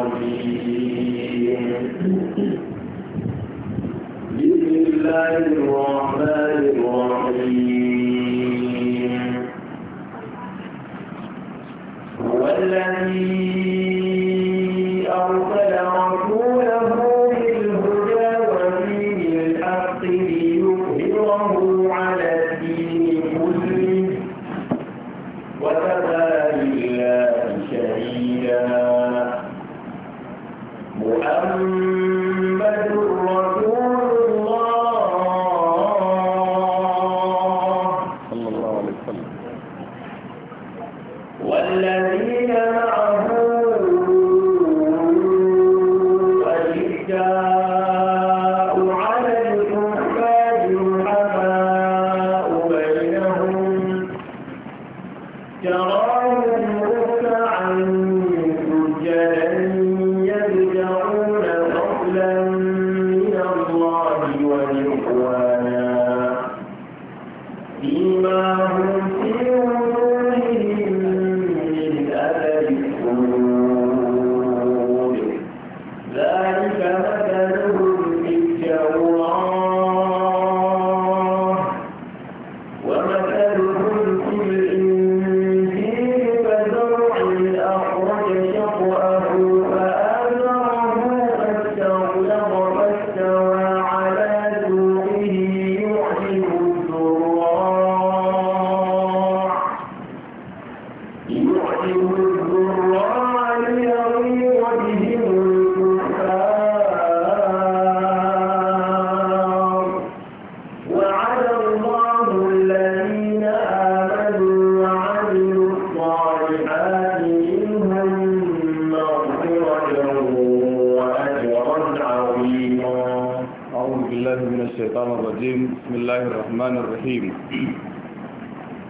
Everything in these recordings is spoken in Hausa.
الرجيم بسم الله الرحمن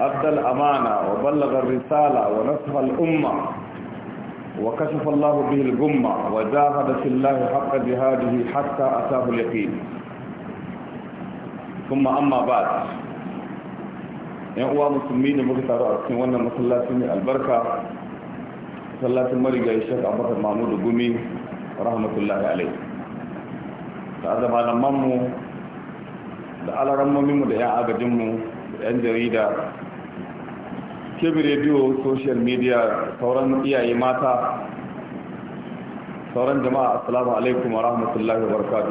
أدى الأمانة وبلغ الرسالة ونصح الأمة وكشف الله به الغمة وجاهد في الله حق جهاده حتى أتاه اليقين ثم أما بعد ‘yan uwa musulmi ne muka taru a cikin wannan masallacin mai albarka masallacin marigayi shek abubakar mahmudu gumi rahmatullahi alai da azaba da da alarammominmu da ‘yan agajinmu 'yan jarida kebe rediyo social media sauran iyaye mata sauran jama'a assalamu alaikum wa rahmatullahi wa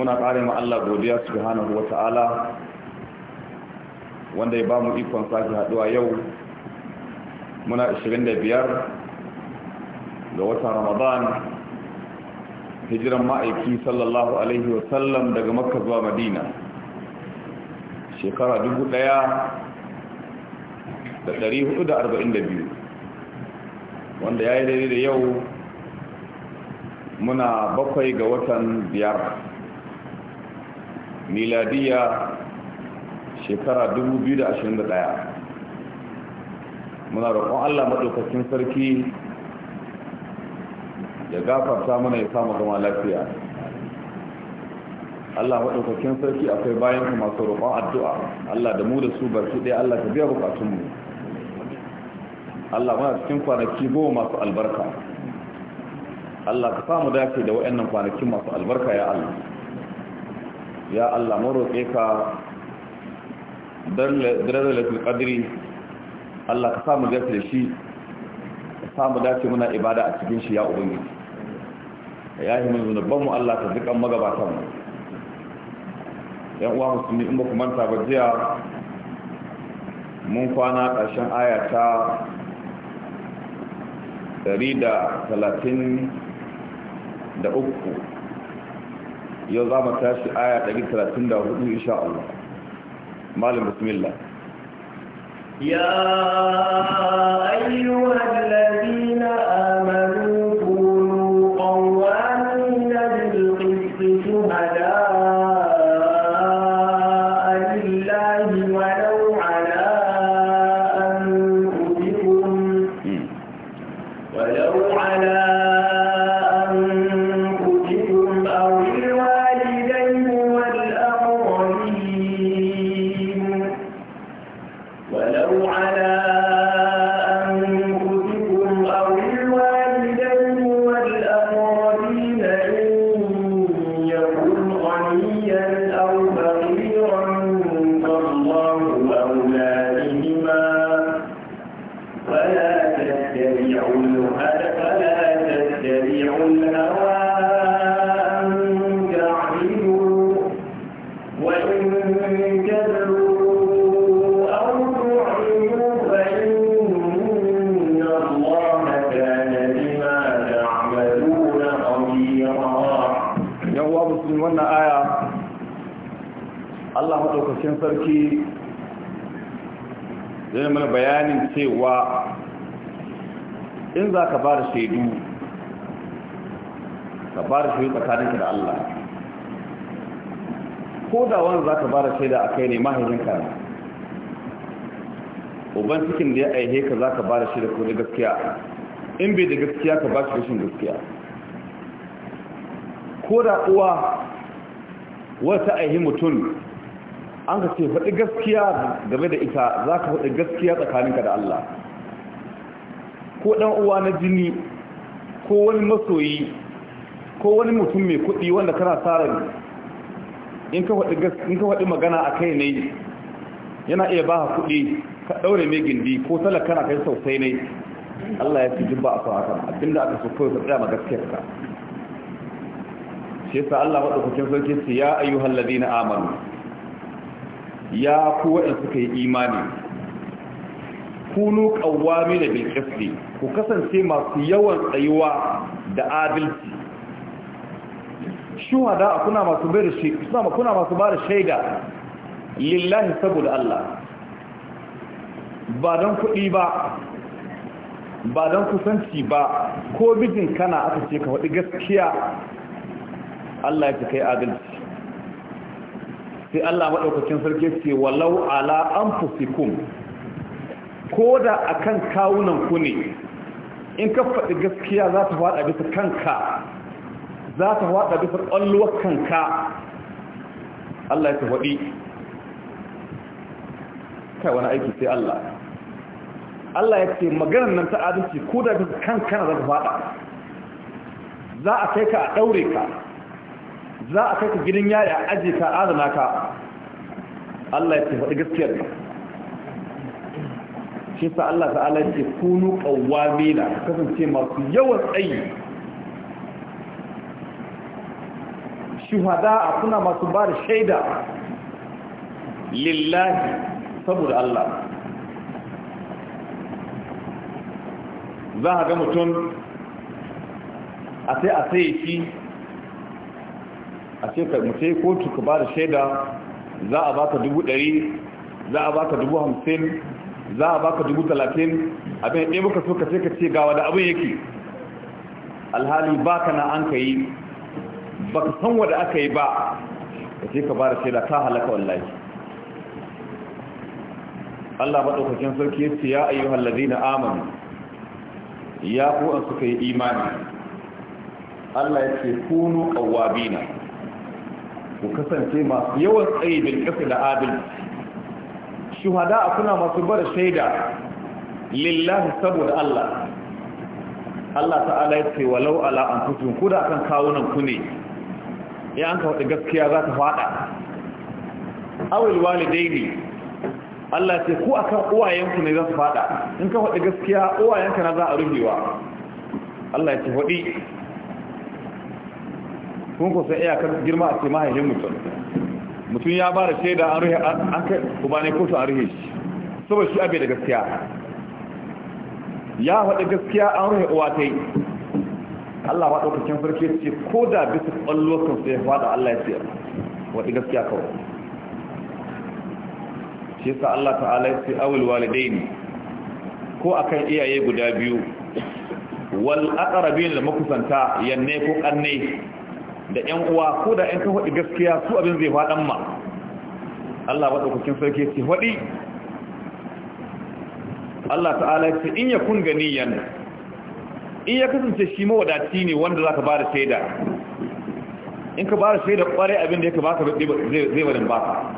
muna ƙare ma Allah godiya subhanahu wa ta'ala wanda ya ba mu ikon sake haɗuwa yau muna 25 ga watan ramadan hijiran ma'aiki sallallahu alaihi wasallam daga makka zuwa madina shekara dubu ɗaya da da ɗari hudu arba'in da biyu, wanda ya yi daidai da yau muna bakwai ga watan biyar miladiya shekara dubu biyu da da ɗaya, muna roƙon allah maɗaukacin sarki ya gafarta mana ya samu zama lafiya Allah waɗaukakin sarki akwai bayan ku masu roƙon addu'a Allah da mu da su ba su ɗaya Allah ta biya bukatunmu Allah mana cikin kwanaki goma masu albarka Allah ka samu dace da waɗannan kwanakin masu albarka ya Allah ya Allah mu roƙe ka dare lafi ƙadiri Allah ka samu dace da shi ka samu dace muna ibada a cikin shi ya ubangiji ya yi mun mu Allah ta dukan magabatan mu yan uwa musulmi in ba ku manta ba jiya mun kwana ƙarshen aya ta 133 yau za mu tashi aya 134 insha Allah malam bismillah ya ayyuhal ladina ka ba da shaida a kai ne mahaifinka ne uban cikin da ya aihe ka za ka ba da shaida ko da gaskiya in bai da gaskiya ka ba shi rashin gaskiya ko da uwa wata aihe mutum an ka ce faɗi gaskiya game da ita za ka faɗi gaskiya tsakaninka da Allah ko ɗan uwa na jini ko wani masoyi ko wani mutum mai kuɗi wanda kana tsarin in ka waɗi magana a kai ne yana iya ba ka kuɗi ka ɗaure mai gindi ko talaka na kai sosai ne Allah ya fi jin ba a so haka abinda aka so kawai ka tsaya ma gaskiyar ka shi yasa Allah kukin sarki su ya hallabi na amanu ya ku wa'in suka yi imani kunu ƙawwami da bilƙasli ku kasance masu yawan tsayuwa da adalci shuhada kuna masu bayar shi kuna kuna masu bayar shaida lillahi saboda Allah ba don kuɗi ba ba don kusanci ba ko bijin kana aka ce ka faɗi gaskiya Allah ya kai adalci sai Allah maɗaukacin sarki ce walau ala anfusikum ko da akan kawunan ku ne in ka faɗi gaskiya za ta faɗa bisa kanka za ta waɗa bisar ƙwallowar kanka Allah ya tawaɗi kai wani aiki sai Allah Allah ya ce maganar nan ta adalci ko da bisar kankana za ta faɗa za a kai ka a ɗaure ka za a kai ka gidan yaya a aje ka adana ka Allah ya ce faɗi gaskiyar ne shi sa Allah ta'ala ya ce kunu mela kasance masu yawan tsayi shuhada suna masu ba da shaida lillahi saboda Allah za a ga mutum a sai a sai shi a ce ka mutai kotu ka ba da shaida za a baka dubu dari za a baka dubu hamsin za a baka dubu talatin abin ɗaya muka so ka ce ka ce gawa da abin yake alhali baka na an ka yi Ba ka san wanda aka yi ba ka ce ka ba da shaida ka halaka wallahi Allah maɗaukakin sarki ya ce ya ayyuhal na amanu ya ku an suka yi imani Allah ya ce kunu qawabina ku kasance masu yawan tsaye bil qisl da abin. shuhada kuna masu bada shaida lillahi saboda Allah Allah ta'ala ya ce walau ala anfusikum kuda akan kawunan ku ne ya an ka gaskiya za ta faɗa awil walidaini Allah ce ku akan uwayenku ne za su faɗa in ka faɗi gaskiya uwayenka na za a rubewa Allah ya ce faɗi kun ku san iyakar girma a ce mahaifin mutum mutum ya ba da shaida an ruhe an kai uba ko su an ruhe shi saboda shi abe da gaskiya ya faɗi gaskiya an ruhe uwa ta yi Allah ba ɗaukakin farke ce ko da bisa ƙwallokan sai ya faɗa Allah ya tsira waɗi gaskiya kawai shi sa Allah ta'ala ya ce awul walidai ne ko akan iyaye guda biyu wal aqrabin da makusanta yanne ko kanne da ƴan uwa ko da ƴan kan faɗi gaskiya su abin zai faɗan ma Allah ba ɗaukakin farke ce faɗi Allah ta'ala ya ce in ya yakun ganiyan in ya kasance shi mawadaci ne wanda za ka ba da shaida in ka ba da shaida kwarai abin da ya ka ba ka zai barin ka.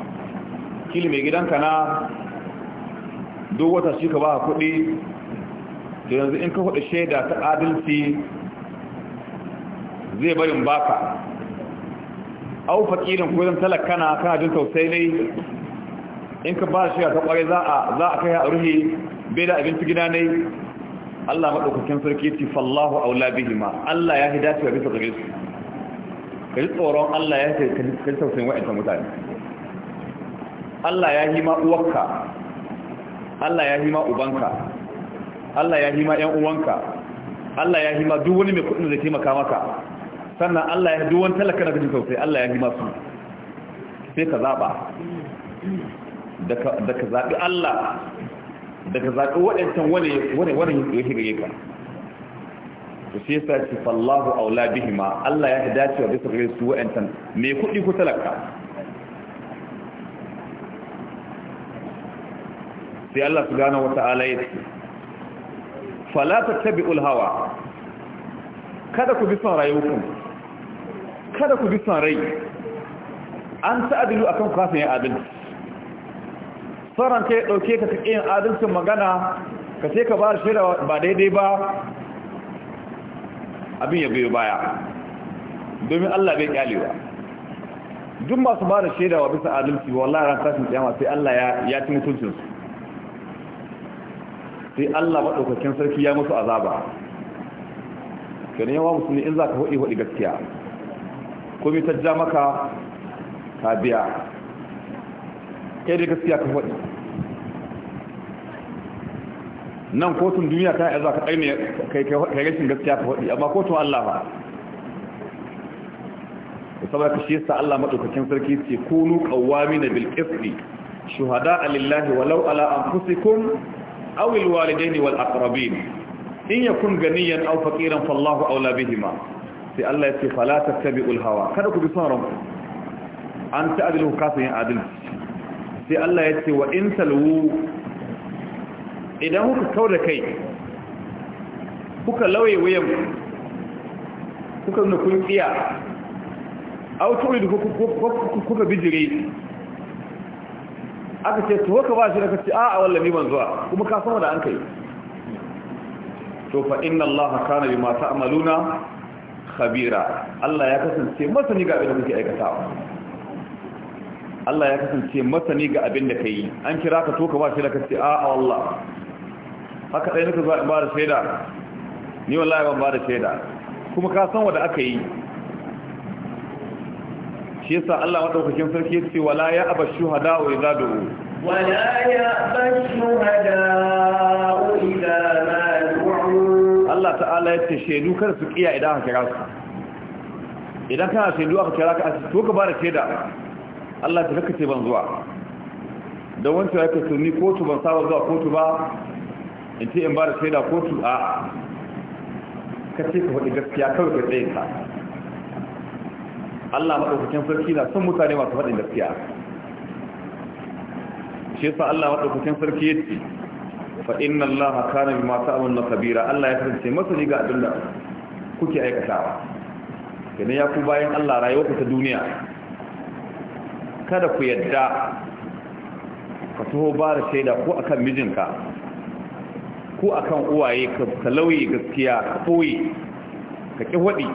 kili mai gidanka na duk wata shi ka ba ka kuɗi da yanzu in ka kuɗi shaida ta adalci zai barin ka. au fakirin ko zan talakana kana jin tausayi ne in ka ba da shaida ta kwarai za a kai a ruhi bai da abinci gida ne Allah maɗaukakin sarki ce fallahu aula bihima Allah ya fi dacewa bisa gare su ka ji tsoron Allah ya fi ka ji tausayin wa'ancan mutane Allah ya yi ma uwanka Allah ya yi ma ubanka Allah ya yi ma ƴan uwanka Allah ya yi ma duk wani mai kuɗin da zai taimaka maka sannan Allah ya yi duk wani talaka na kaji tausayi Allah ya yi ma su sai ka zaɓa da ka zaɓi Allah daga zaɓi waɗancan wani ya shiga yaka to shi yasa ce fallahu aula ma Allah ya dace dacewa bisa gare su waɗancan mai kuɗi ku talaka sai Allah subhanahu wata'ala ya ce fala tattabi'ul hawa kada ku bi son rayuwarku kada ku bi son rai an ta'adilu akan kwasan ya adalci sauran ka yi ɗauke ka kaƙe yin adalcin magana ka ce ka ba da shaida ba daidai ba abin ya biyo baya domin Allah bai kyalewa duk masu ba da shaida wa bisa adalci wallahi ran tashin kiyama sai Allah ya ya ci mutuncin su sai Allah madaukakin sarki ya musu azaba kenan yawa musulmi in zaka hodi hodi gaskiya ko bi tajja maka ka biya kai da gaskiya ka hodi nan kotun duniya ta yanzu ka tsaye kai rashin gaskiya ka faɗi amma kotun Allah ba da saboda shi yasa Allah madaukakin sarki ce kunu qawwamina na qisti shuhada lillahi walau ala anfusikum aw al walidaini wal aqrabin in yakun ganiyan aw faqiran fallahu bihi ma. sai Allah ya ce fala tattabi'ul hawa kada ku bi son ranku an ta'dilu kasan yin adalci sai Allah ya ce wa in talwu idan kuka kau da kai kuka lauye wuyan kuka nuna tsiya autori da kuka bijire aka ce to ka ba shi da ka ce a'a wallahi ban zuwa kuma ka san da an kai to fa inna allaha kana bima amaluna khabira Allah ya kasance masani ga abin da kuke aikatawa Allah ya kasance masani ga abin da yi, an kira ka to ka ba shi da ka ce a'a wallahi haka ɗaya nuka ba da shaida ni wallahi ban ba da shaida kuma ka san wanda aka yi shi yasa Allah madaukakin sarki ya ce wala ya aba shuhada wa idza du'u wala ya aba shuhada idza ma du'u Allah ta'ala ya ce shaidu kada su kiya idan aka kira su idan kana shaidu aka kira ka to ka ba da shaida Allah ta kace ban zuwa don wancan ya kasu ni kotu ban saba zuwa kotu ba in ce in ba da shaida kotu a ka ce ka faɗi gaskiya kawai ka tsaye ka Allah maɗaukakin sarki na son mutane masu faɗin gaskiya shi yasa Allah maɗaukakin sarki ya ce fa inna Allah kana bi ma ta'malun kabira Allah ya kasance masani ga abin da kuke aikatawa idan ya ku bayan Allah rayuwarku ta duniya kada ku yadda ka taho ba da shaida ko akan mijinka ko akan uwaye ka lauye gaskiya ka koyi ka ki wadi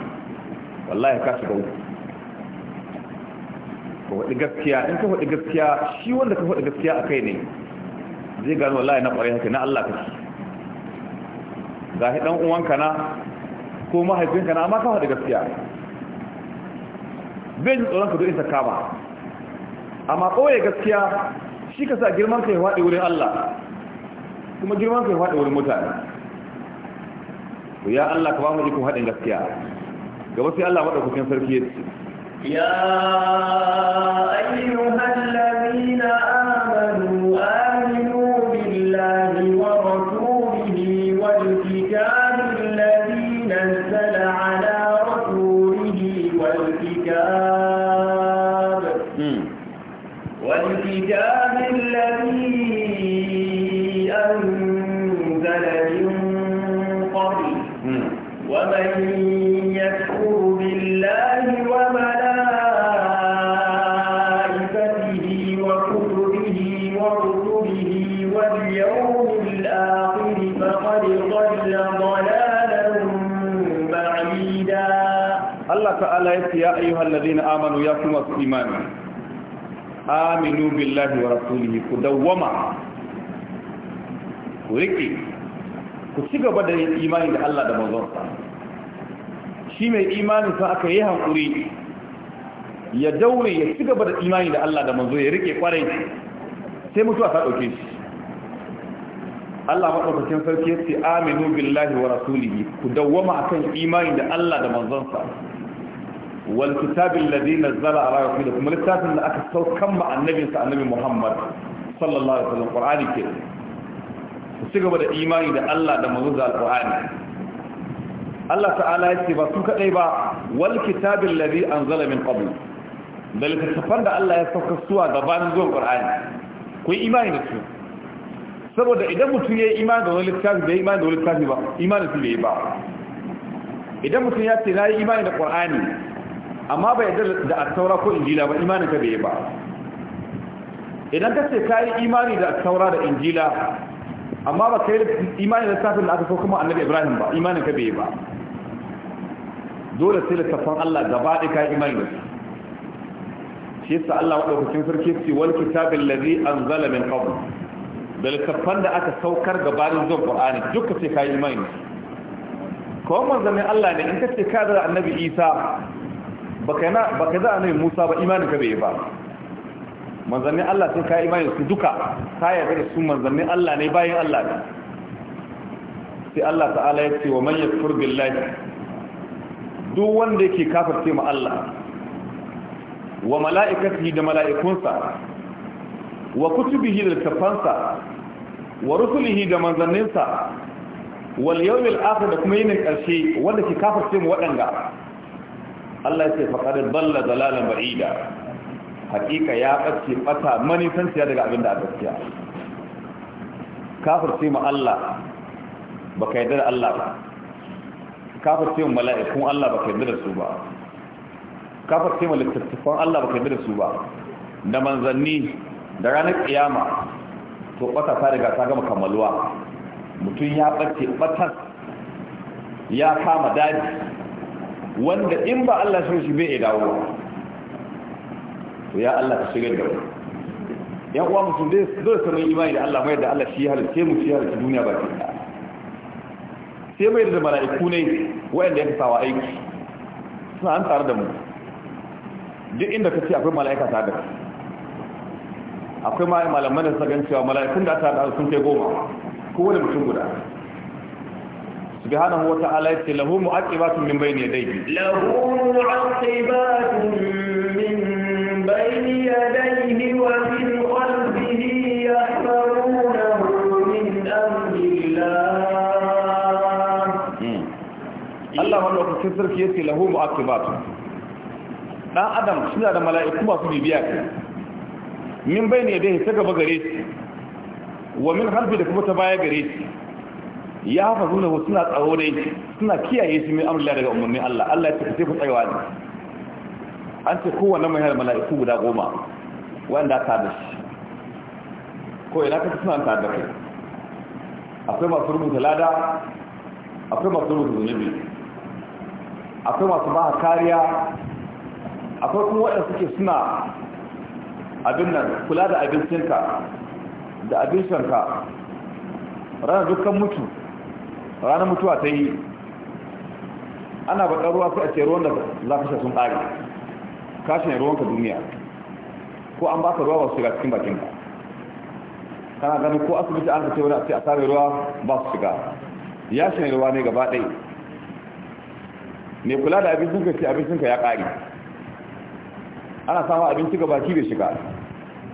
wallahi ka shiga uku ka waɗi gaskiya in ka waɗi gaskiya shi wanda ka waɗi gaskiya a kai ne zai gano wallahi na kware haka na Allah ka shi. ga shi ɗan uwanka na ko mahaifinka na amma ka waɗi gaskiya bai ji tsoron ka don in ta kama amma ɓoye gaskiya shi ka sa girman ka ya waɗi wurin Allah kuma girman kai faɗa wurin mutane ya Allah ka ba mu ikon haɗin gaskiya gaba sai Allah maɗaukakin sarki ya ya ayyuhallazina amanu ya ayyuhal ladina amanu ya kuma su imani aminu billahi wa rasulihi ku dawwama ku riƙe ku ci da yin imani da Allah da manzonsa shi mai imani sa aka yi hankuri ya daure ya da da Allah da ya riƙe kwarai sai mutuwa ta ɗauke shi Allah sarki ya ce aminu billahi wa rasulihi ku dawwama akan imani da Allah da manzonsa wal kitabil ladhi nazzala ala rasul kuma littafin da aka saukan ma annabin sa annabi Muhammad sallallahu alaihi wasallam Qur'ani ke su ci gaba da imani da Allah da manzo da Allah ta'ala ya ce ba su kadai ba wal kitabil ladhi anzala min qabl da littafin da Allah ya sauka suwa gabanin zuwan Qur'ani ku yi imani da su saboda idan mutum ya yi imani da wani littafi bai imani da wani littafi ba imani su bai ba idan mutum ya ce na yi imani da ƙur'ani. amma bai da da attaura ko injila ba imanin ka bai yi ba idan ka ce kayi imani da attaura da injila amma ba kai imani da safin da aka so kuma annabi ibrahim ba imanin ka bai yi ba dole sai littafin Allah gaba ɗaya kayi imani da shi yasa Allah madaukakin sarki ce wal kitabil ladhi anzala min qabl da littafan da aka saukar gabanin zuwa Qur'ani duk ka ce kayi imani ko manzon Allah ne in ka ce ka da annabi Isa Ba ka za a annabi Musa ba imanin ka bai ba manzannin Allah sun kai imanin su duka ka yarda da su manzannin Allah ne bayan Allah ne sai Allah ta'ala ya ce wa manyan yakfur billahi duk wanda yake kafirce ma Allah wa mala'ikatihi da mala'ikunsa wa kutubihi da littafansa wa rusulihi da manzanninsa wal yawmil akhir da kuma yinin karshe wanda ke kafirce mu waɗanda Allah ce faƙar balla dalalan ba'ida hakika ya ɓace san siya daga abinda a gaskiya kafirce mu Allah ba ka yarda da Allah ba kafirce mu mala'ikun Allah ba ka yarda da su ba kafirce mu littattafan Allah ba ka yarda da su ba da manzanni da ranar kiyama to ɓata ta riga ta gama kammaluwa mutum ya ɓace fata ya kama daji wanda in ba Allah sun shi bai dawo to ya Allah ka shigar da ya yan uwa mutum dai zai sami imani da Allah mai da Allah shi halitta mu shi halitta duniya ba ke sai mai da mala'iku ne wanda ya kasawa aiki suna an tare da mu duk inda ka ce akwai mala'ika tare da ka akwai malaman da suka gan cewa mala'ikun da ta sun kai goma ko wani mutum guda subhanahu wa ta'ala yace lahu mu'aqibatun min bayni yadayhi lahu mu'aqibatun min bayni yadayhi wa min khalfihi yahfazunahu min amrillah hmm. Allah wannan kusin sarki yace lahu mu'aqibatun dan adam suna da mala'iku masu bibiya kai min bayni yadayhi ta gaba gare shi wa min khalfi da kuma ta baya gare shi ya faru na suna tsaro dai suna kiyaye su min amurla daga umarnin Allah Allah ya tafi ku tsayawa ne an ce kowanne mai har mala'iku guda goma wanda ta da shi ko ina ka suna ta da kai akwai masu rubuta lada akwai masu rubuta zunubi akwai masu ba kariya akwai kuma waɗanda suke suna abin nan kula da abincinka da abin shanka ranar dukkan mutu ranar mutuwa ta yi ana bakar ruwa sai a ce ruwan da za ka sha sun ɗari ka shi ne ruwanka duniya ko an baka ruwa ba su shiga cikin bakinka kana ganin ko asibiti an ka ce wani a ce a ruwa ba su shiga ya shi ne ruwa ne gaba ɗaya ne kula da abincinka ce abincinka ya ƙari ana samun abinci ga baki da shiga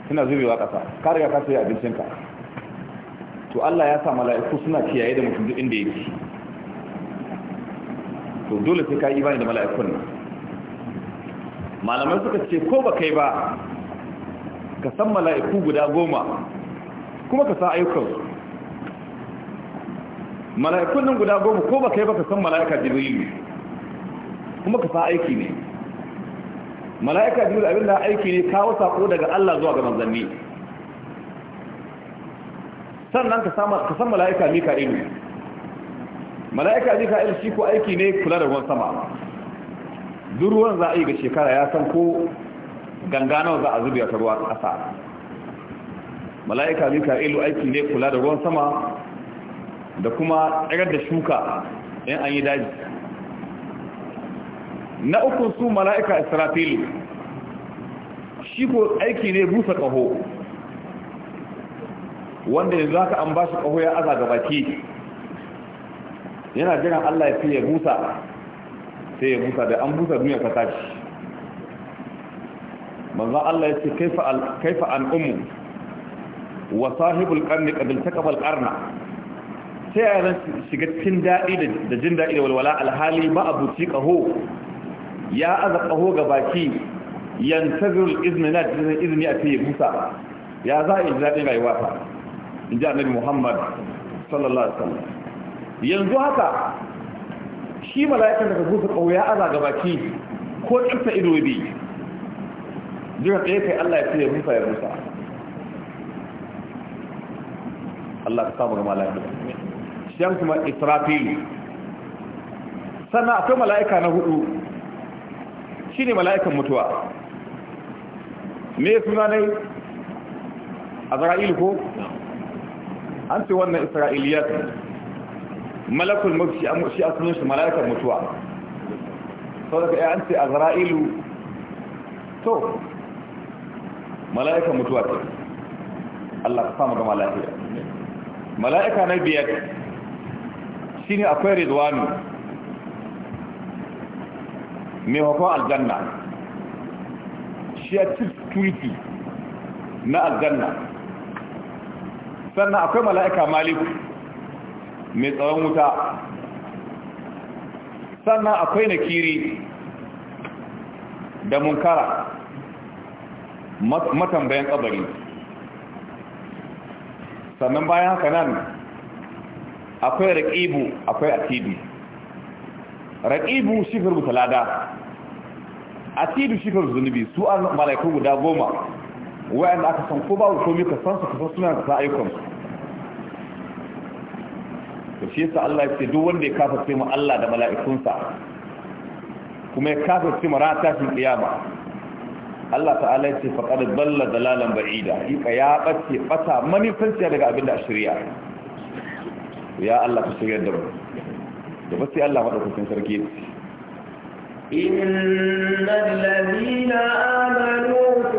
suna zubewa ƙasa ka riga ka sai abincinka to Allah ya sa mala'iku suna kiyaye da mutum duk inda yake to dole sai ka yi bani da mala'ikun nan malamai suka ce ko ba kai ba ka san mala'iku guda goma kuma ka san ayyukansu mala'ikun nan guda goma ko ba kai ba ka san mala'ika jibrilu kuma ka san aiki ne mala'ika jibrilu abinda aiki ne kawo sako daga Allah zuwa ga manzanni sannan ka san mala'ika mika'ilu mala'ika mika'ilu shi ko aiki ne kula da ruwan sama duk ruwan za a yi ga shekara ya san ko ganganawa za a zubi ta ruwa ƙasa mala'ika mika'ilu aiki ne kula da ruwan sama da kuma tsagar da shuka in an yi daji na uku su mala'ika israfil shi ko aiki ne busa ƙaho wanda yanzu haka an ba shi ƙaho ya aza ga baki yana jiran Allah ya fiye busa sai ya busa da an busa duniya ta tashi manzan Allah ya ce kaifa an umu wa sahibul karni ƙadil ta ƙabal ƙarna sai a yanar shiga cikin daɗi da jin daɗi da walwala alhali ba a buci ƙaho ya aza ƙaho ga baki yantazirul izini na izini a fiye busa ya za a yi daɗin rayuwa ta in ji annabi muhammad sallallahu alaihi wasallam yanzu haka shi mala'ikan da ka kusa ƙauya aza ga baki ko ƙarfa ido bi duka tsaye kai allah ya ce ya musa ya musa allah ka samu ga mala'ika shi yan kuma israfil sannan akwai mala'ika na hudu shi ne mala'ikan mutuwa me suna ne azra'il ko an ce wannan isra'iliyat malakul mawt shi an shi asalin shi malakar mutuwa sau daga an ce azra'ilu to malakar mutuwa ce Allah ka samu ga malakar mala'ika na biyar shi ne akwai rizwanu mai hukun aljanna shi a cikin na aljanna sannan akwai mala'ika maliku mai tsaron wuta sannan akwai nakiri da munkara matambayan kabari sannan bayan haka nan akwai raƙibu akwai atidu raƙibu shifar mutalada atidu shifar zunubi su an mala'iku guda goma wa'anda aka san ko babu komi ka san su ka san suna da ayyukan to shi yasa Allah ya ce duk wanda ya kafa sai mu Allah da mala'ikunsa kuma ya kafa sai mu ran tashin kiyama Allah ta'ala ya ce faqad dalla dalalan ba'ida ika ya bace bata manifanciya daga abin da shari'a ya Allah ka shirya da mu da ba sai Allah madaukakin sarki innal ladina amanu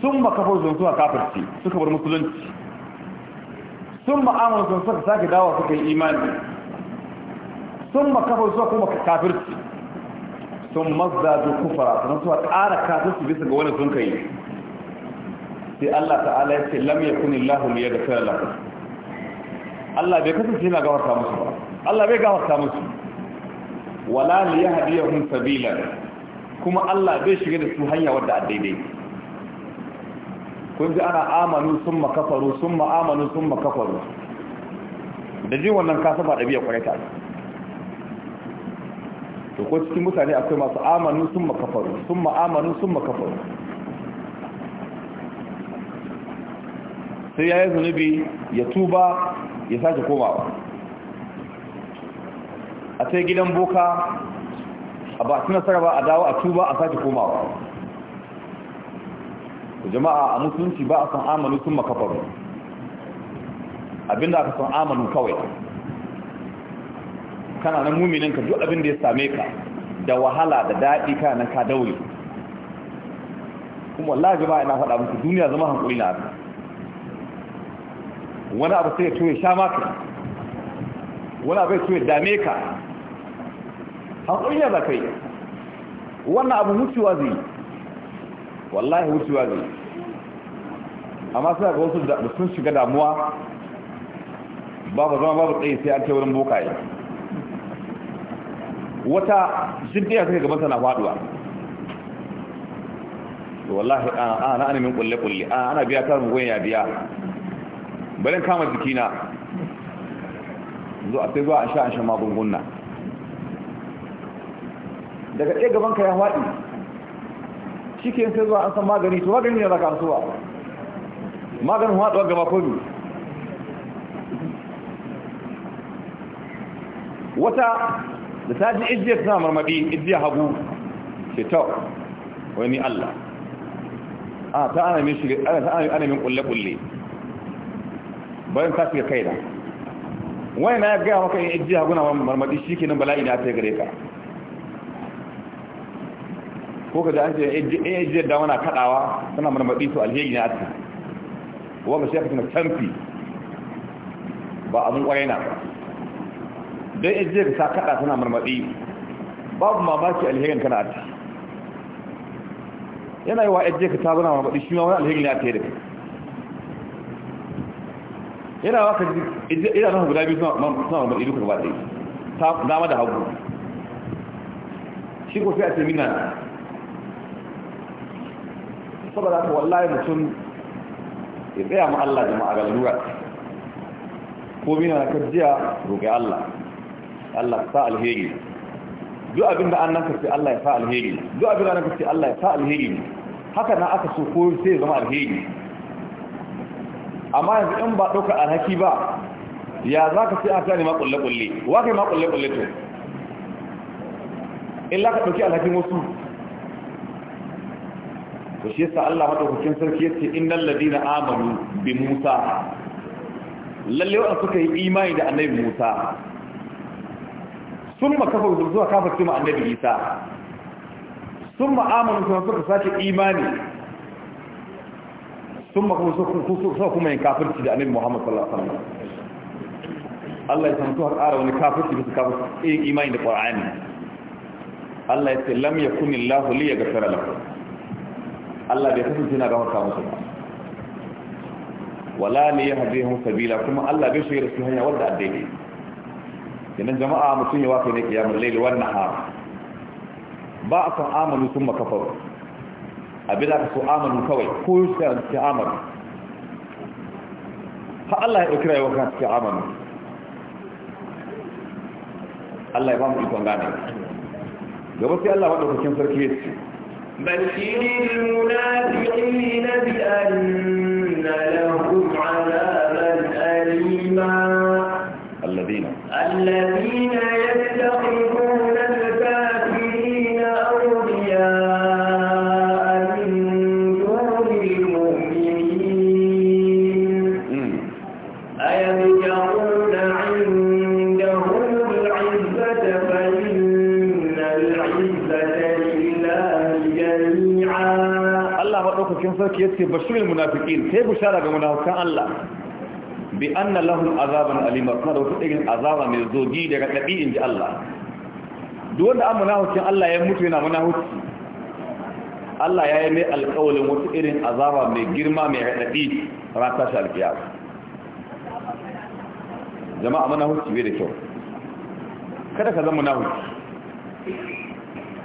sun ba kafar sun suka kafirce suka bar musulunci sun ba amon sun suka sake dawa suka yi imani sun ba kafar suka kuma kafirce sun mazda da kufara sannan suka ƙara kafirci bisa ga wani sun kai sai Allah ta'ala ya ce lam yakun illahu liya da kala Allah bai kasance yana gafarta musu ba Allah bai gafarta musu wala liyahdiyahum sabila kuma Allah bai shiga da su hanya wadda a daidai kun ji ana amanu sun makafaru sun ma'amanu sun makafaru da jin wannan kasa ba ɗabi'a kwarai ta to ko cikin mutane akwai masu amanu sun makafaru sun ma'amanu sun makafaru sai ya yi zunubi ya tuba ya sake komawa a sai gidan boka a ba nasara ba a dawo a tuba a sake komawa jama'a a musulunci ba a san amanu sun makafaru abinda aka san amanu kawai kana nan muminin ka duk abinda ya same ka da wahala da daɗi ka nan ka daure kuma wallahi ba ina faɗa muku duniya zama hankuli na aka wani abu sai ya tuye sha maka wani abu ya tuye dame ka hankuli ne za ka yi wannan abu mutuwa zai yi wallahi wucewa ne amma suna ga wasu da sun shiga damuwa babu zama babu tsaye sai an ce wurin bokaye wata jirgiya suka gaban sana faduwa wallahi ana ana min kulle kulle ana biya ta mu goyen ya biya barin kama jikina zo a sai zuwa a sha a sha magunguna daga ɗaya gaban ka ya faɗi shi ke sai zuwa an san magani to magani ne za ka rasuwa maganin haɗuwa gaba ko wata da ta ji ijiyar tana marmadi ijiyar hagu ce ta wani Allah a ta ana min shiga ana min kulle-kulle bayan ta shiga kai da wani na ya gaya maka yin ijiyar hagu na marmadi shi ke nan bala'i na ta gare ka ko ka an ce in ajiyar dama na kaɗawa suna marmaɗi su alheri na ake wanda shi aka na canfi ba abin ƙwarai na ba don ajiyar ka sa kaɗa suna marmaɗi babu mamaki alherin kana ake yana yi wa ajiyar ka ta zana marmaɗi shi ma wani alheri na ati da yana waka idanun guda biyu suna wani duka kuma ba ɗaya dama da hagu shi ko sai a ce mina saboda haka wallahi mutum ya tsaya ma Allah jama'a ga lura ko mina na kajiya roƙi Allah Allah sa alheri duk abin da annan ce Allah ya sa alheri duk abin da annan ce Allah ya sa alheri haka na aka so ko sai ya zama alheri amma yanzu in ba ɗauka alhaki ba ya za ka sai aka ne ma ƙulle-ƙulle wa kai ma ƙulle-ƙulle to in ka ɗauki alhakin wasu to shi yasa Allah madaukakin sarki yace innal ladina amanu bi Musa lalle wa suka yi imani da annabi Musa summa kafaru zuwa kafirci ma annabi Isa summa amanu kuma suka sake imani summa kuma suka kuma yin kafirci da annabi Muhammad sallallahu alaihi wasallam Allah ya santo har ƙara wani kafirci bisa kafirci imani da Qur'ani Allah ya ce lam yakunillahu liyaghfira lakum Allah bai kasance na gafarta musu ba wala ne ya haɗe hun sabila kuma Allah bai shirya su hanya wadda addini yanan jama'a mutum ya wafe ne ke kiyamar laili wannan har ba a san amanu sun makafar abin da ka so amanu kawai ko yi suka cikin amanu ha Allah ya ɗauki rayuwar kan cikin amanu Allah ya ba mu ikon gane gaba sai Allah maɗaukakin sarki ya ce بشر المنافقين بأن لهم عذابا أليما الذين الذين yace bashirul munafiqin sai bushara ga munafikan Allah bi anna lahum azaban alima kuma da wata irin azaba mai zogi daga dabi'in ji Allah duk wanda an munafikin Allah ya mutu yana munafiki Allah ya yi mai alƙawarin wata irin azaba mai girma mai raɗaɗi ran tashi alƙiyar jama'a munafiki bai da kyau kada ka zama munafiki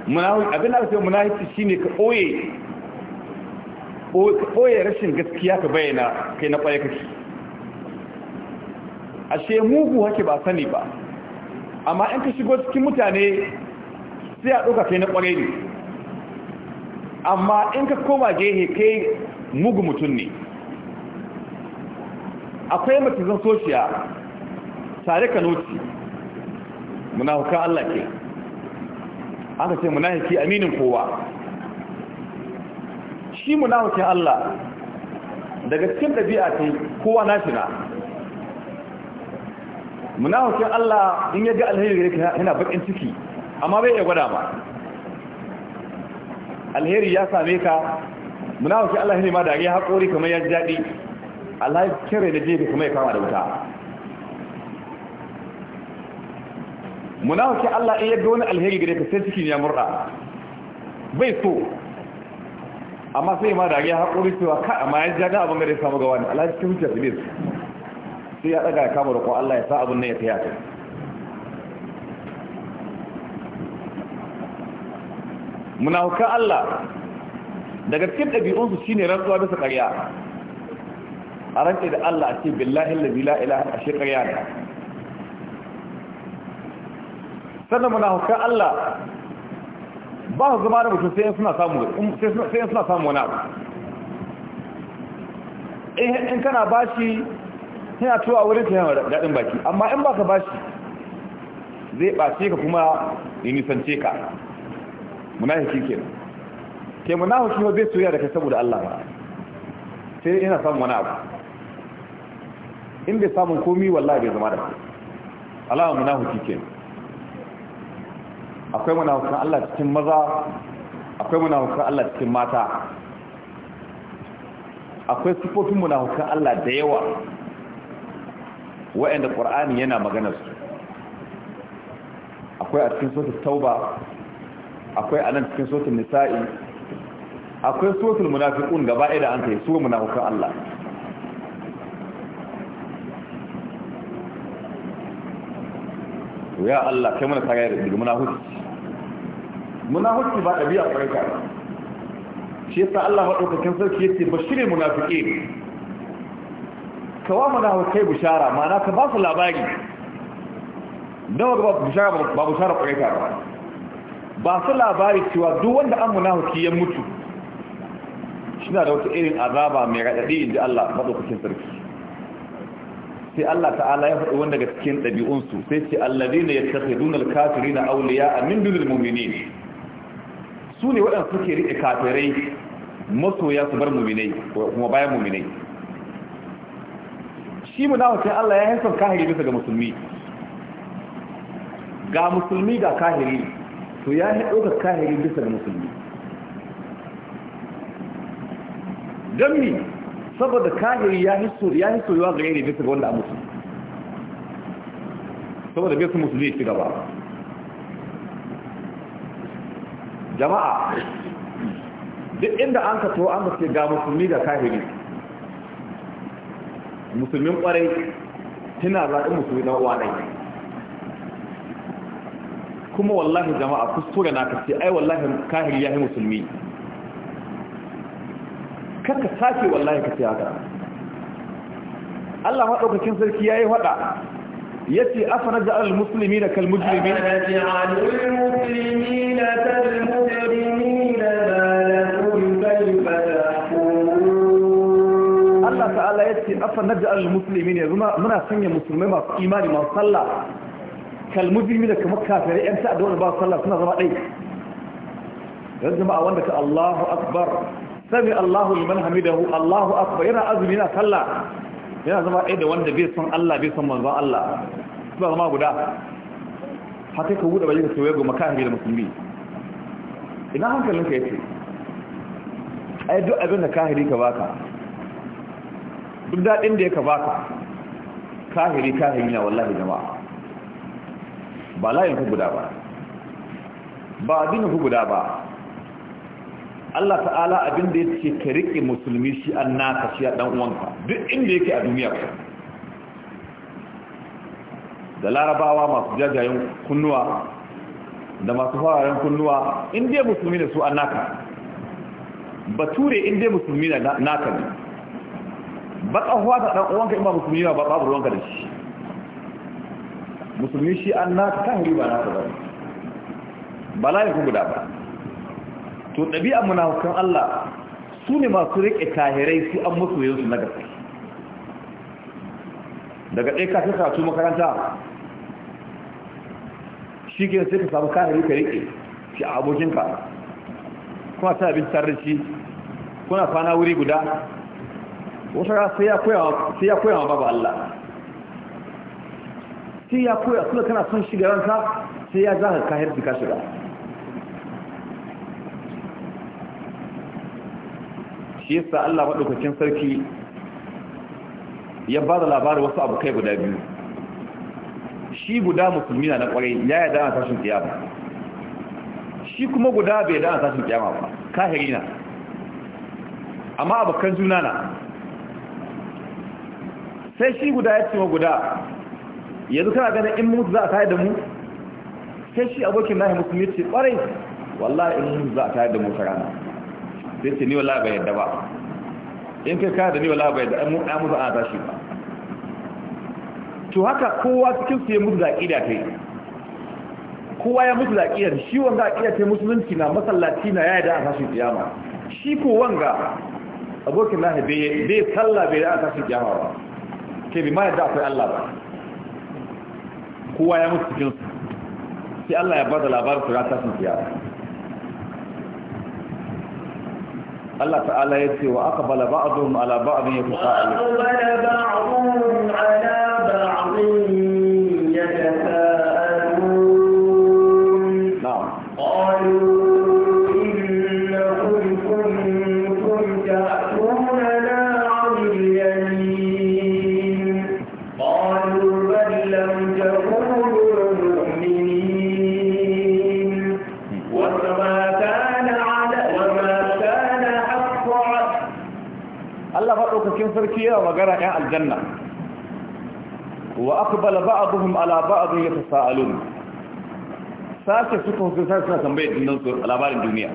munafiki abin da aka ce munafiki shine ka ɓoye ɓoye rashin gaskiya ka bayyana kai na ɓaya kake ashe mugu hake ba sani ba amma in ka shigo cikin mutane sai a ɗauka kai na ƙwarai ne amma in ka koma gehe kai mugu mutum ne akwai matizan soshiya tare ka noci hukar Allah ke ka ce haiki aminin kowa shi munafikin Allah daga cikin dabi'a ta kowa nashi na munafikin Allah in ya ga alheri gare yana bakin ciki amma bai iya gwada ba alheri ya same ka munafikin Allah ne ma da ya haƙori kamar ya ji Allah ya kere da jefe kuma ya kama da wuta munafiki Allah in ya ga wani alheri gare ka sai cikin ya murda bai so amma sai ma dariya haƙuri cewa ka amma ya jada abin da ya samu ga wani alhaji cikin hujjar iblis sai ya ɗaga ya kama roƙon Allah ya sa abin nan ya taya ta munafukan Allah daga cikin ɗabi'unsu shine rantsuwa bisa ƙarya a rantsa da Allah a ce billahi allazi la ilaha illa shi ƙarya ne sannan munafukan Allah ba su zama da mutum sai suna samu wani abu in kana bashi yana a wurin ta yana daɗin baki amma in ba ka bashi zai ɓace ka kuma yi nisance ka munafiki ke ke munafiki ba zai soya da kai saboda Allah ba sai yana samun wani abu in bai samun komi wallahi bai zama da ku. alama munafiki ke akwai munafukan Allah cikin maza akwai munafukan Allah cikin mata akwai sifofin munafukan Allah da yawa wa'anda Qur'ani yana magana su akwai a cikin suratul Tauba akwai a nan cikin suratul Nisa'i akwai suratul munafiqun gaba an kai su munafukan Allah to ya Allah kai mana muna daga muna hutu ba ɗabi'a farka ba shi yasa Allah madaukakin sarki yace bashirin munafiqin kawa kai bushara ma'ana ka ba su labari dawa ga bushara ba bushara farka ba ba su labari cewa duk wanda an munafiki ya mutu shi na da wata irin azaba mai raɗaɗi inda Allah madaukakin sarki sai Allah ta'ala ya faɗi wanda ga cikin ɗabi'unsu sai ce allazina kafiri na auliya a min dunil mummini. su ne waɗanda suke riƙe kafirai masoya su bar mummini, kuma bayan mummini. shi mu sai Allah ya haifar kahiri bisa ga musulmi ga musulmi ga kahiri to ya yi ɗaukar kahiri bisa ga musulmi don saboda kahiri ya hisso ya hisso yawa ga yare bisa ga wanda a mutu saboda bai su mutu zai ci gaba jama'a duk inda an ka to an ka ce ga musulmi da kahiri musulmin kwarai tana zaɓin musulmi na uwa ɗai kuma wallahi jama'a kuskure na ka ce ai wallahi kahiri ya yi musulmi karka sake wallahi ka ce haka Allah maɗaukakin sarki ya yi faɗa ya ce afa na ja'ar musulmi da kalmujirmi Allah ta'ala ya ce afa na ja'ar musulmi ne muna sanya musulmai masu imani masu sallah kalmujirmi da kamar kafirai 'yan ta'adda wani ba sallah suna zama dai. yanzu jama'a wanda ka Allahu Akbar sami Allahu liman hamidahu Allahu akbar yana azumi yana sallah yana zama ɗaya da wanda bai son Allah bai son manzon Allah ba zama guda haka ka buɗe bayan soyayya ga makahiri da musulmi ina ka yace ai duk abin da kahiri ka baka duk daɗin da ya ka baka kahiri kahiri na wallahi jama'a ba layin ku guda ba ba addinin ku guda ba Allah ta'ala abin da yake ka rike musulmi shi an naka shi dan uwanka duk inda yake a duniya da larabawa masu jajayen kunnuwa da masu fararen kunnuwa inda musulmi da su an naka ture inda musulmi da naka ne bakahuwa ta dan uwanka in ba musulmi ba babu ruwanka da shi musulmi shi an naka kan riba naka ba ba la yakun guda ba to ɗabi'a munafukan Allah su ne masu riƙe tahirai su an musu masoyansu na gaske daga ɗaya kafin karatu makaranta shi ke sai ka samu kahiri ka riƙe shi a abokinka kuma ta abin tarraci kuna kwana wuri guda wata ra sai ya koya ma babu Allah sai ya koya suna kana son shiga ranka sai ya za ka kahir ka shiga shi yasa Allah madaukakin sarki ya ba da labarin wasu abu kai guda biyu shi guda musulmi na kwarai ya yi dana tashin kiyama shi kuma guda bai dana tashin kiyama ba kahiri na amma abokan juna na sai shi guda ya cewa guda yanzu kana ganin in mutu za a tayar da mu sai shi abokin nahi musulmi ce kwarai wallahi in mutu za a tayar da mu ta rana sai ce ni wala bai yadda ba in kai kada ni wala bai yadda mu ai mu ba a shi ba to haka kowa cikin su ya mutu da aqida kai kowa ya mutu da aqida shi wanga aqida kai musulunci na masallaci na ya da a tashi kiyama shi ko wanga abokin nahi bai bai sallah bai da a tashi kiyama ba ke bi ma yadda akwai Allah ba kowa ya mutu cikin su sai Allah ya bada labarin su ra tashin kiyama الله تعالى يأتي وأقبل بعضهم على بعض يتقال أقبل بعضهم على بعضهم madaukakin sarki yana magana 'yan aljanna wa aka bala ba a aqbala ba'dhum ala ba'd yatasaalun sace suka hukun sai suna tambaye dinnan su labarin duniya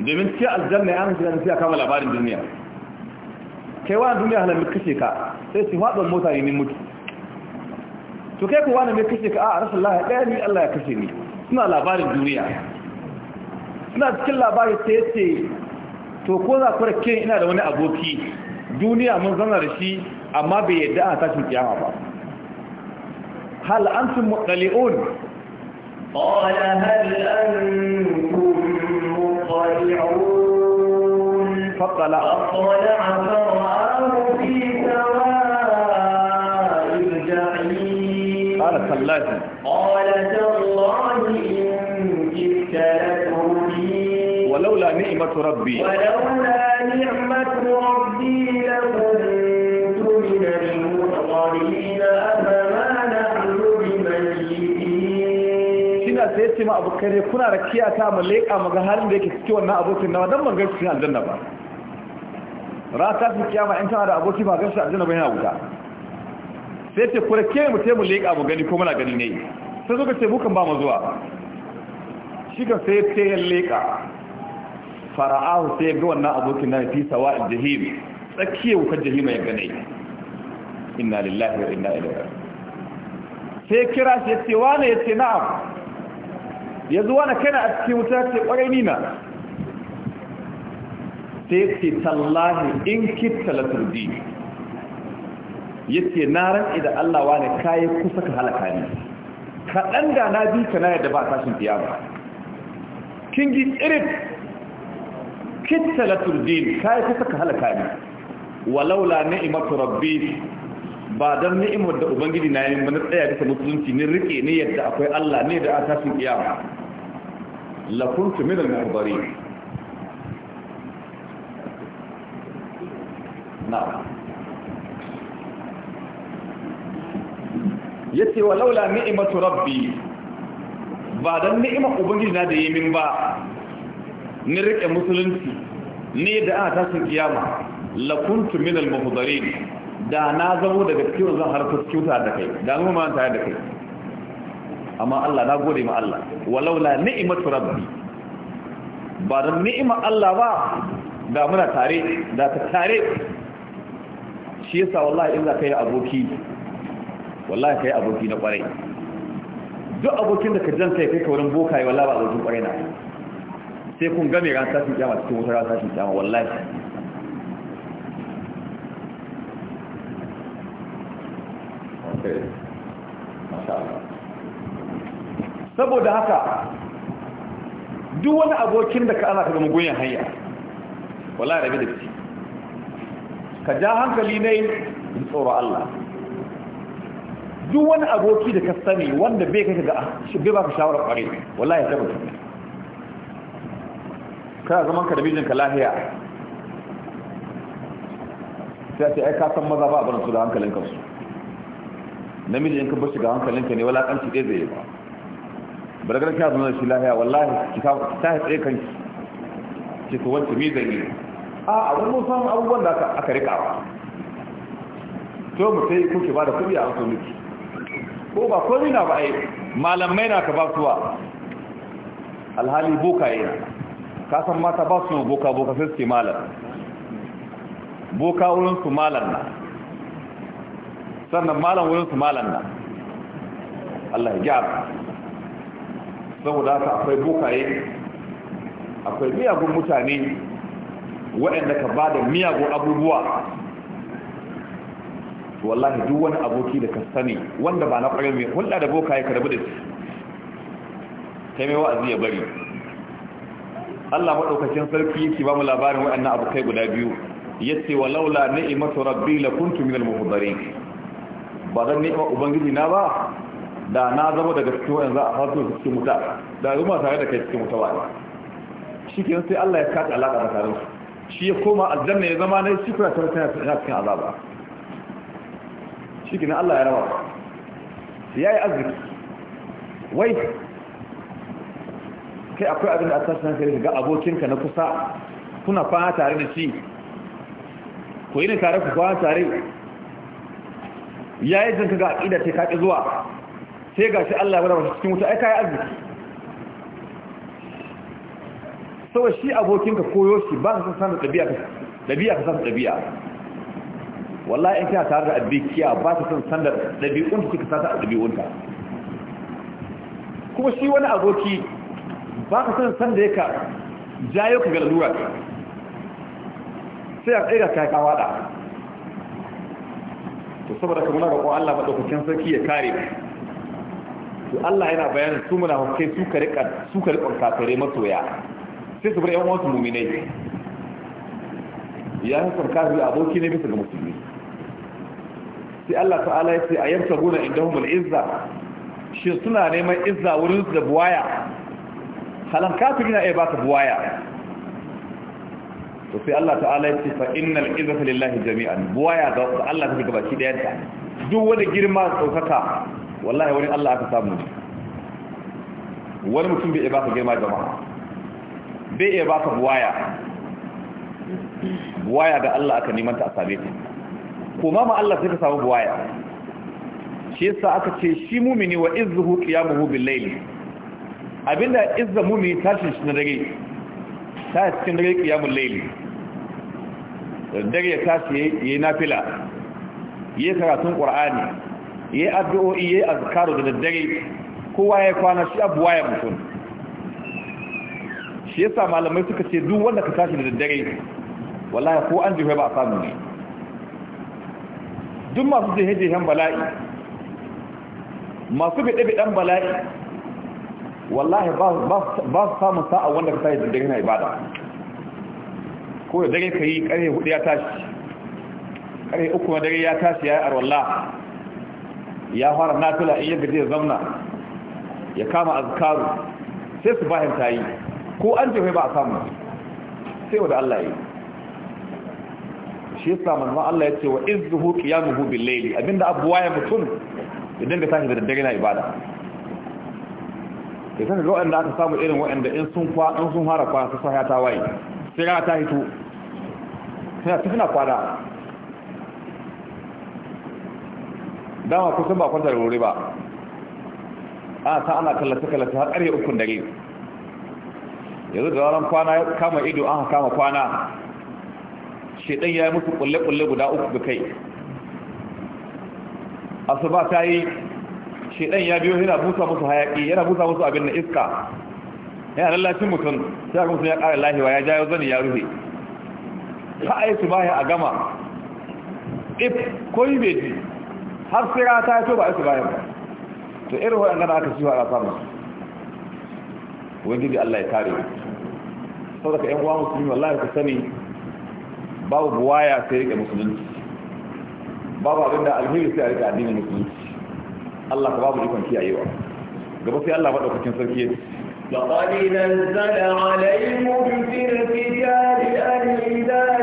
domin cikin aljanna ya amince da sai kama labarin duniya kai wani duniya halan mai kashe ka sai su fadon mota ne mutu to kai kuwa ne mai kashe ka a rasulullahi daya ni Allah ya kashe ni suna labarin duniya suna cikin labarin sai yace to ko za ku rake ina da wani aboki duniya mun zana da shi amma bai yadda a tashin kiyama ba hal antum muqtali'un qala hal antum muqtali'un faqala faqala fara'u fi sawa'il jahim qala sallallahi qala tallahi in kitta ولولا نعمة rabbi ولولا نعمة ربي sai ce ma abokai ne kuna da kiyata mu leka mu ga halin da yake cikin wannan abokin nawa dan ban ga aljanna ba rata su kiyama yan kana da aboki ba gaisu aljanna ba yana wuta sai ce kure ke mu mu leka mu gani ko muna gani ne sai ka ce mukan ba mu zuwa shi ka sai leƙa fara'ahu sai ga wannan abokin na fi sawa'il jahim tsakiyar wuka jahima ya gane inna lillahi wa inna ilaihi sai kira shi yace wani yace na'am yanzu wani kana a cikin wuta ce kwarai nina. na sai yace tallahi in kitta la turdi yace na rantsi da Allah wani kai kusa ka halaka ni kadan da na bi ka na yadda ba tashin ba. kin gi irin kitta la turdin kai ka saka halaka ne walaula ni'matu rabbi ba dan ni'imar da ubangiji na yi mana tsaya bisa musulunci ne rike ne yadda akwai Allah ne da a tashin iya la kuntu min al-muhdarin na yace ce wa laula ni'imatu rabbi ba dan ni'imar ubangiji na da yi min ba ni rike musulunci ni da ana tashin kiyama lakuntu min al-muhdarin da na zamo daga cikin zan harkar cuta da kai da mu ma ta da kai amma Allah na gode ma Allah walau la ni'matu rabbi ba da ni'ima Allah ba da muna tare da ta tare shi yasa wallahi in za ka yi aboki wallahi ka yi aboki na kwarai duk abokin da ka jan kai kai ka wurin bokaye wallahi ba abokin kwarai na sai kun game ran sashin kyama, cikin wutar ran sashin kiyama wallahi saboda haka duk wani abokin da ka ana ka zama goyon hanya wallahi rabi da shi ka ja hankali ne in tsoro Allah duk wani aboki da ka sani wanda bai kai ga bai baka shawara kware wallahi tabbata ka zaman ka da mijinka lahiya sai ce ai ka san maza ba abin su da hankalin kansu namiji in ka bashi ga hankalin hankalinka ne wala kanci ɗaya zai ba bargar kya zama da shi lahiya wallahi ki ta haɗe kanki ki to wanda mi zai yi a abin mun san abubuwan da aka rika ba to mu sai kuke ba da kuɗi a wasu miki ko ba komai na ba ai malamai na ka ba suwa alhali boka yana kasan mata ba su boka boka sai suke malar boka wurinsu malar na sannan malar wurinsu malar na Allah ya gyara saboda haka akwai bokaye akwai miyagun mutane waɗanda ka ba da miyagun abubuwa wallahi duk wani aboki da ka sani wanda ba na ƙwarar mai hulɗa da bokaye ka rabu da su kai mai wa'azi ya bari Allah maɗaukacin sarki yake ba mu labarin waɗannan abokai guda biyu Ya ce yace walaula ni'matu rabbi lakuntu minal muhdarin ba zan ni'ma ubangiji na ba da na zama daga cikin wanda a fasu cikin muta da zuma tare da kai cikin muta ba shikenan sai Allah ya kace alaka da tare shi ya koma aljanna ya zama ne shi kuma tare tare cikin azaba shikenan Allah ya rawa yi arziki wai kai akwai abin da a tashin hankali ga abokinka na kusa kuna kwana tare da shi ko yi ne tare ku kwana tare ya yi zinka ga aƙida ce kaƙi zuwa sai ga shi Allah ya wadda cikin wuta aika ya arziki sau shi abokinka koyo shi ba su san da ɗabi'a ka san ɗabi'a wallahi in kina tare da abikiya ba su san san da ɗabi'unta kika sata a ɗabi'unta kuma shi wani aboki ba ka san san da ya ka jayo ka ga lalura sai a tsira ta kawa da to saboda ka muna roƙon Allah madaukakin sarki ya kare to Allah yana bayanin su muna hukai su ka rika su ka kafare masoya sai su bar yan wasu mu'minai ya hasan kafiri aboki ne bisa ga musulmi sai Allah ta'ala ya ce a yamsa guna indahum al-izza shi suna neman izza wurin da buwaya halan kafiri na iya baka buwaya to sai Allah ta'ala ya ce fa innal izzata lillahi jami'an buwaya ga Allah take gabaki daya ta duk wani girma saukaka, wallahi wani Allah aka samu wani mutum bai iya baka girma jama'a bai iya baka buwaya buwaya ga Allah aka neman ta a same ta kuma ma Allah sai ka samu buwaya shi yasa aka ce shi mumini wa izzuhu qiyamuhu bil layli abinda izza mumi tashin shi na dare ta cikin dare kiyamun laili dare ya tashi ya yi nafila ya yi karatun ƙwar'ani ya yi addu'o'i ya yi azkaru da daddare kowa ya kwana shi abuwa ya mutum shi yasa malamai suka ce duk wanda ka tashi da daddare wallahi ko an jihe ba a samu ne duk masu jihe-jihen bala'i masu biɗe-biɗen bala'i wallahi ba su samun sa'a wanda ka tashi dare na ibada ko da dare ka yi ƙarfe hudu ya tashi ƙarfe uku na dare ya tashi ya yi arwallah ya fara nafila in yadda zai zamna ya kama azkaru sai su bayan ta yi ko an jefai ba a samu sai wa da Allah yi shi yasa manzon Allah ya ce wa izzuhu qiyamuhu bil laili abinda abuwa ya mutum idan da tashi da daddare na ibada da kan ga waɗanda aka samu irin waɗanda in sun kwa an sun fara kwana su sahaya ta waye sai ga ta hito suna tafina kwana dama kusan ba kwanta da wuri ba a ta ana kallata kallata har ƙarfe ukun dare yanzu da zaran kwana ya kama ido an kama kwana shedan ya yi musu kulle-kulle guda uku ga kai asuba ta yi shedan ya biyo yana busa musu hayaki yana busa musu abin na iska yana lallacin mutum sai ga mutum ya ƙara lahiwa ya jayo zani ya ruhe. ta a yi su baya a gama if koyi bai ji har sai ka ta yato ba a yi su baya ba to irin waɗanda aka ciwa a samu ubangiji allah ya kare sau daga yan uwa musulmi wallahi ku sani babu buwaya sai rike musulunci babu abinda alheri sai a rike addinin musulunci Allah ka babu ikon kiyayewa gaba sai Allah madaukakin sarki ya لقد نزل عليكم في الكتاب أن إذا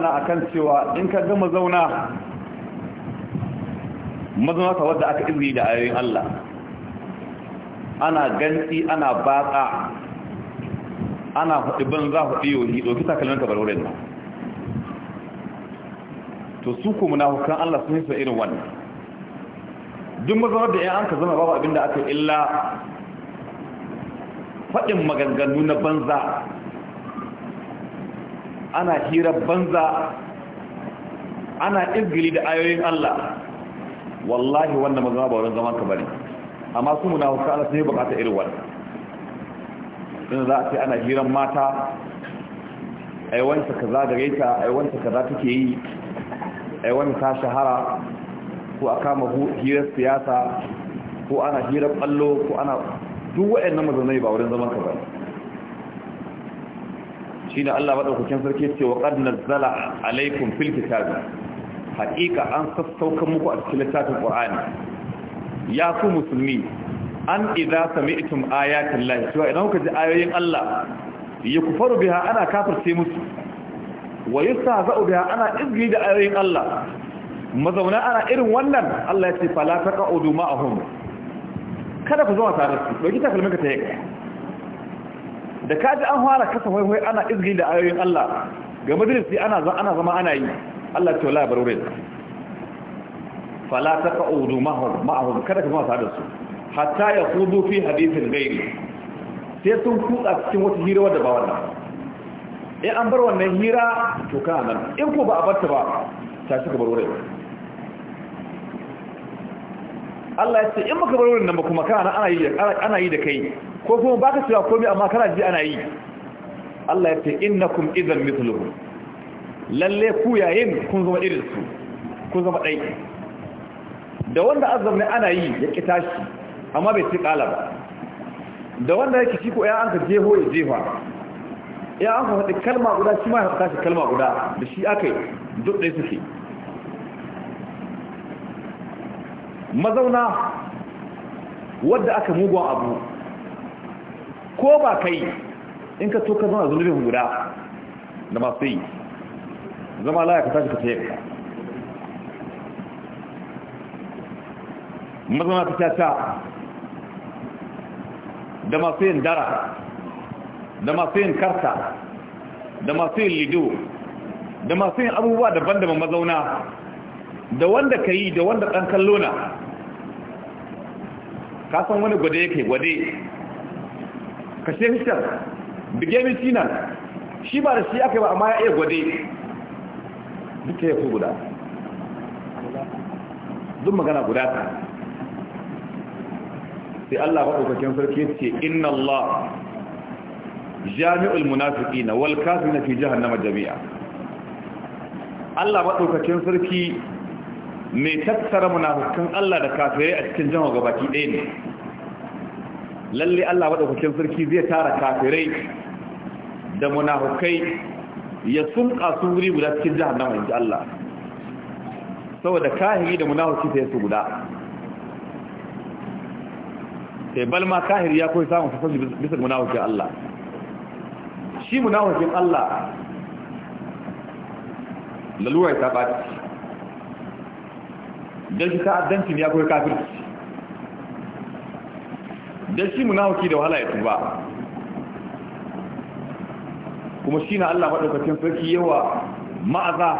magana kan cewa in ka gama zauna mazaunata wadda aka izini da ayoyin Allah ana gantsi ana batsa ana hudu banza hudu yohi ɗauki takalmin ta barorin nan to su ku hukun Allah sun hisa irin wannan duk mazauna da 'yan an ka zama babu abinda aka illa faɗin maganganu na banza ana hirar banza ana izgili da ayoyin Allah wallahi wannan mazama ba wurin zaman ka bane amma su munafuka Allah sai bukata irin wani, dan za a ce ana hirar mata a ai wanda kaza gare ta ai wanda kaza take yi a yi wani ta shahara ko a kama hirar siyasa ko ana hirar ballo ko ana duk waɗannan mazanai ba wurin zaman ka bane shine Allah madaukakin sarki ce wa qad nazzala alaikum fil kitabi haqiqa an sassauka muku a cikin littafin qur'ani ya ku musulmi an idza sami'tum ayatin Allah to idan kuka ji ayoyin Allah yakfaru biha ana kafirce musu wa yastahza'u biha ana izgi da ayoyin Allah mazauna ana irin wannan Allah ya ce fala taqa'udu ma'ahum kada ku zama tare su doki takalmin ka ta yi da kaji an fara kasa waiwai ana izgi da ayoyin Allah ga majalisi ana zama ana zama ana yi Allah ta wala bar wurin fala qaudu ma'hum ma'hum kada ka zama tare da su hatta yaqudu fi hadithin ghairi sai sun kutsa cikin wata hira wadda ba wannan eh an bar wannan hira to ka nan in ko ba a barta ba ta shi ka bar wurin Allah ya ce in baka bar wurin nan ba kuma kana ana yi ana yi da kai ko kuma baka cewa komai amma kana ji ana yi Allah ya ce innakum idan mithluhu lalle ku yayin kun zama irin su kun zama dai da wanda azumi ana yi ya kitashi amma bai ci kala ba da wanda yake ci ko ya an ka jeho ya jefa ya an ka faɗi kalma guda shi ma ya tashi kalma guda da shi akai duk dai suke mazauna wadda aka mugun abu ko ba kai in ka toka zama zunubin guda da masu yi zama laya ka tashi ka ta mazana ta caca da masu yin dara da masu yin karta da masu yin lido da masu yin abubuwa daban-daban mazauna da wanda ka yi da wanda ɗan kallona Ka kasan wani gwade yake gwade kashe hishan bige mitinan shi ba da shi aka yi ba amma ya iya gwade duka ya fi guda duk magana guda ta sai Allah maɗaukakin sarki ya ce inna Allah jami'ul na wal na fi jihar jahannama jami'a Allah maɗaukakin sarki mai tattara munafikan Allah da kafirai a cikin jama'a gabaki ɗaya ne lalle Allah madaukakin sarki zai tara kafirai da munafukai ya sunka su wuri guda cikin jahannama inji Allah saboda kahiri da munafiki sai su guda sai balma kahiri ya koyi samun fasashi bisa munafikin Allah shi munafikin Allah lalura taɓa ba don shi ta'addancin ya koyi kafirci dan shi munafiki da wahala ya tuba kuma shi na Allah madaukakin sarki yawa ma'aza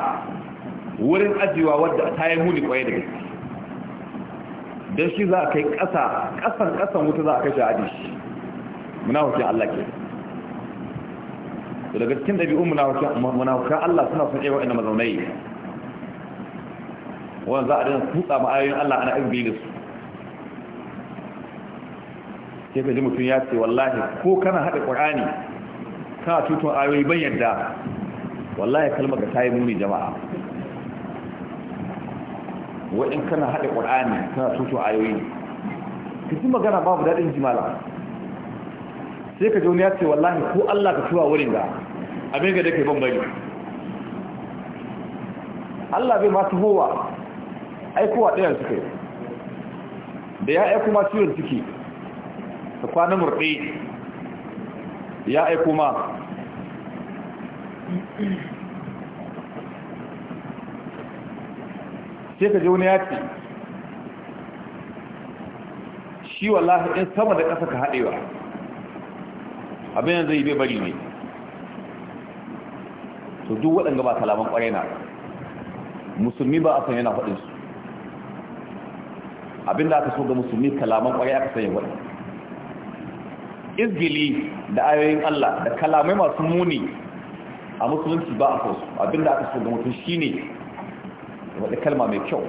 wurin ajiwa wadda ta yi muni kwaye da gaske dan shi za a kai ƙasa ƙasan ƙasan wuta za a kashe aji shi munafikin Allah ke daga cikin ɗabi'un munafikan Allah suna son ɗaya waɗanda mazaunai wanda za a dina tutsa ma'ayoyin Allah ana ɗin biyu da su sai ka mutum ya ce wallahi ko kana haɗa ƙur'ani kana tutun ayoyi ban yadda wallahi kalmar ka ta yi muni jama'a wa'in kana haɗa ƙur'ani kana tutun ayoyi ka ji magana babu daɗin jimala sai ka ji wani ya ce wallahi ko Allah ka tuwa wurin da abin ga da ke ban bari Allah bai masu howa aikowa ɗaya suke da ya aiko masu yin ciki mustapha na ya aiko ma sai ka ji wani ya ce shi wallahi in sama da ƙasa ka haɗewa abin zai bai bari ne to duk waɗanda ba kalaman ƙwarai na musulmi ba a san yana faɗinsu abinda aka so ga musulmi kalaman ƙwarai aka san ya faɗinsu izgili da ayoyin Allah da kalamai masu muni a musulunci ba a sosu abinda aka so ga mutum shine wadda kalma mai kyau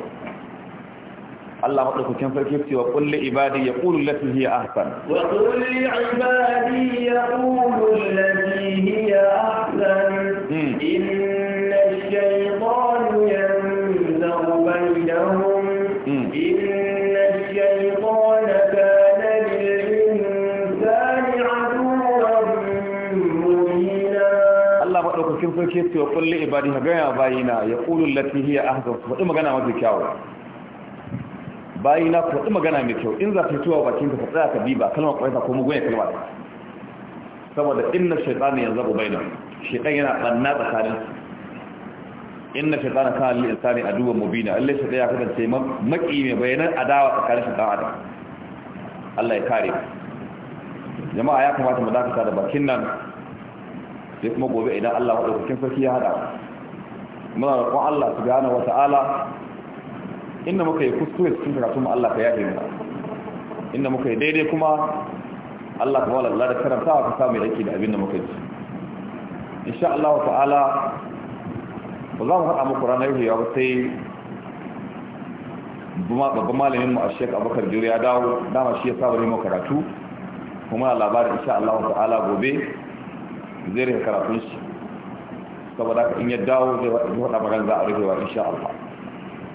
Allah maɗaukakin sarki ce wa kulle ibadi ya ƙulu lafi hiya ahsan wa kulle ibadi ya ƙulu lafi ya hasan. Hmm. ke cewa wa kulli ibadi ga ya bayina ya qulu lati hiya ahsan faɗi magana mafi kyau bayina ku faɗi magana mai kyau in za ta tuwa bakin ka tsaya ka biba kalmar kwaita ko mugun kalma saboda inna shaytanu yanzabu bayina shaytan yana ɓanna tsakanin inna shaytana kana lil insani aduwwan mubina lalle shaytan ya kasance maki mai bayanan adawa tsakanin shaytan adam Allah ya kare jama'a ya kamata mu dakata da bakin nan sai kuma gobe idan Allah wa ɗaukakin sarki ya haɗa muna kuma Allah su subhanahu wa ta'ala inda muka yi kuskure cikin karatun mu Allah ka yafe mu inda muka yi daidai kuma Allah ka wala da karanta ka samu aiki da abin da muka yi insha Allah wa ta'ala ba za mu faɗa muku ranar yau ba sai babban malamin mu a shek Abubakar Jure ya dawo dama shi ya saba ne mu karatu kuma labarin insha Allah wa ta'ala gobe zai rika karatun shi saboda haka in ya dawo zai faɗa magana za a rikewa insha Allah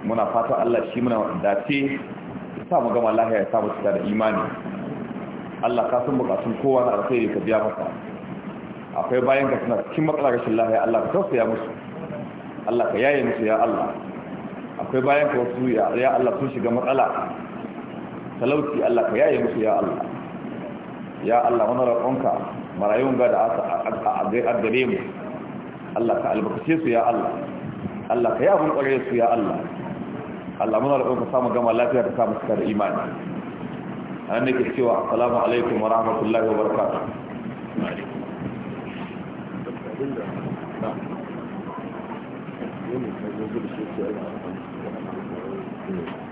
muna fata Allah shi muna dace ya mu gama allah ya samu cika da imani Allah ka san bukatun kowa na alkhairi ka biya masa akwai bayan ka suna cikin matsala shin lahiya Allah ka tausaya musu Allah ka yaye musu ya Allah akwai bayan ka wasu ya Allah sun shiga matsala talauci Allah ka yaye musu ya Allah ya Allah wani roƙonka marayun ga da a gare mu Allah ka albarkace su ya Allah Allah ka yabun kware su ya Allah Allah muna da ka samu gama lafiya ka samu cika da imani an nake cewa assalamu alaikum wa rahmatullahi wa barakatuh Thank you.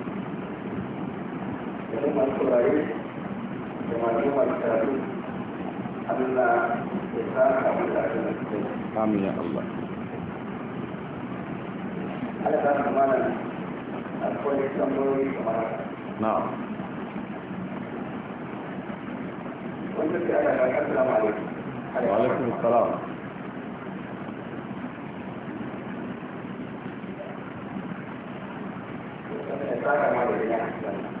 domin masu saurare da masu masu Allah ya sa kamar da ake nasu kai. Amin ya Allah. Allah ta kama nan akwai tambayoyi kamar haka. Na'am. Wanda ke ana da Ya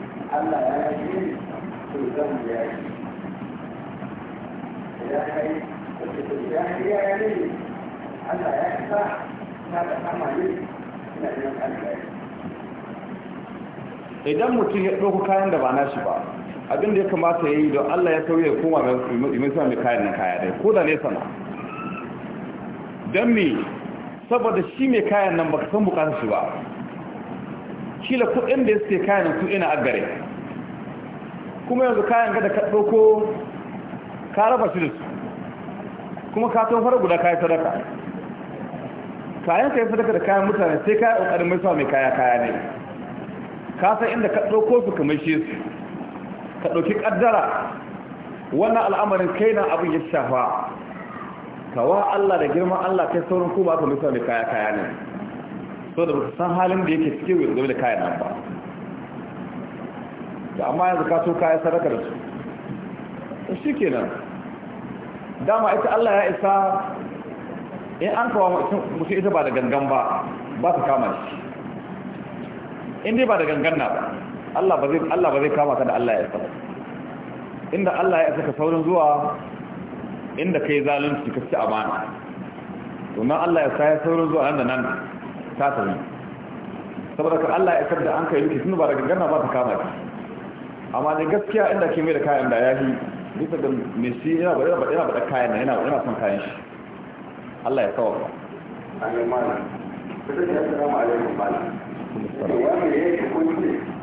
Allah ya yi to zan ya yi idan ya yi yi Allah ya na da kama ina idan mutum ya ɗauko kayan da ba na shi ba abin da ya kamata ya yi don Allah ya sauya ya koma mai sami kayan nan kaya dai ko da nesa na don me saboda shi mai kayan nan baka san bukatar shi ba kila kuɗin da ya sai kayan su ina a gare kuma yanzu kayan da ka ɗauko ka raba shi da su kuma ka fara guda kayan sadaka kayan kayan sadaka da kayan mutane sai kayan ƙoƙarin mai sa mai kaya kaya ne ka san inda ka ɗauko su kamar shi su ka ɗauki ƙaddara wannan al'amarin kai na abin ya shafa wa Allah da girman Allah kai saurin kuma aka mai sa mai kaya kaya ne so da san halin da yake suke game da kayan nan ba da amma yanzu ka so kayan sadaka da su to shi kenan dama ita Allah ya isa in an kawo mutum ita ba da gangan ba ba ta kama shi in dai ba da gangan na ba Allah ba zai kama ka da Allah ya isa inda Allah ya isa ka saurin zuwa inda ka yi zalunci ka ci amana domin Allah ya sa ya saurin zuwa nan da nan ta yi saboda ka Allah ya karda an kai miki tun ba daga ganna ba ta kama ki amma ne gaskiya inda ke mai da kayan da yafi bisa ga Messi yana ba yana ba kayan yana yana son kayan shi Allah ya kawo amin malam assalamu alaikum malam wani ne yake kunce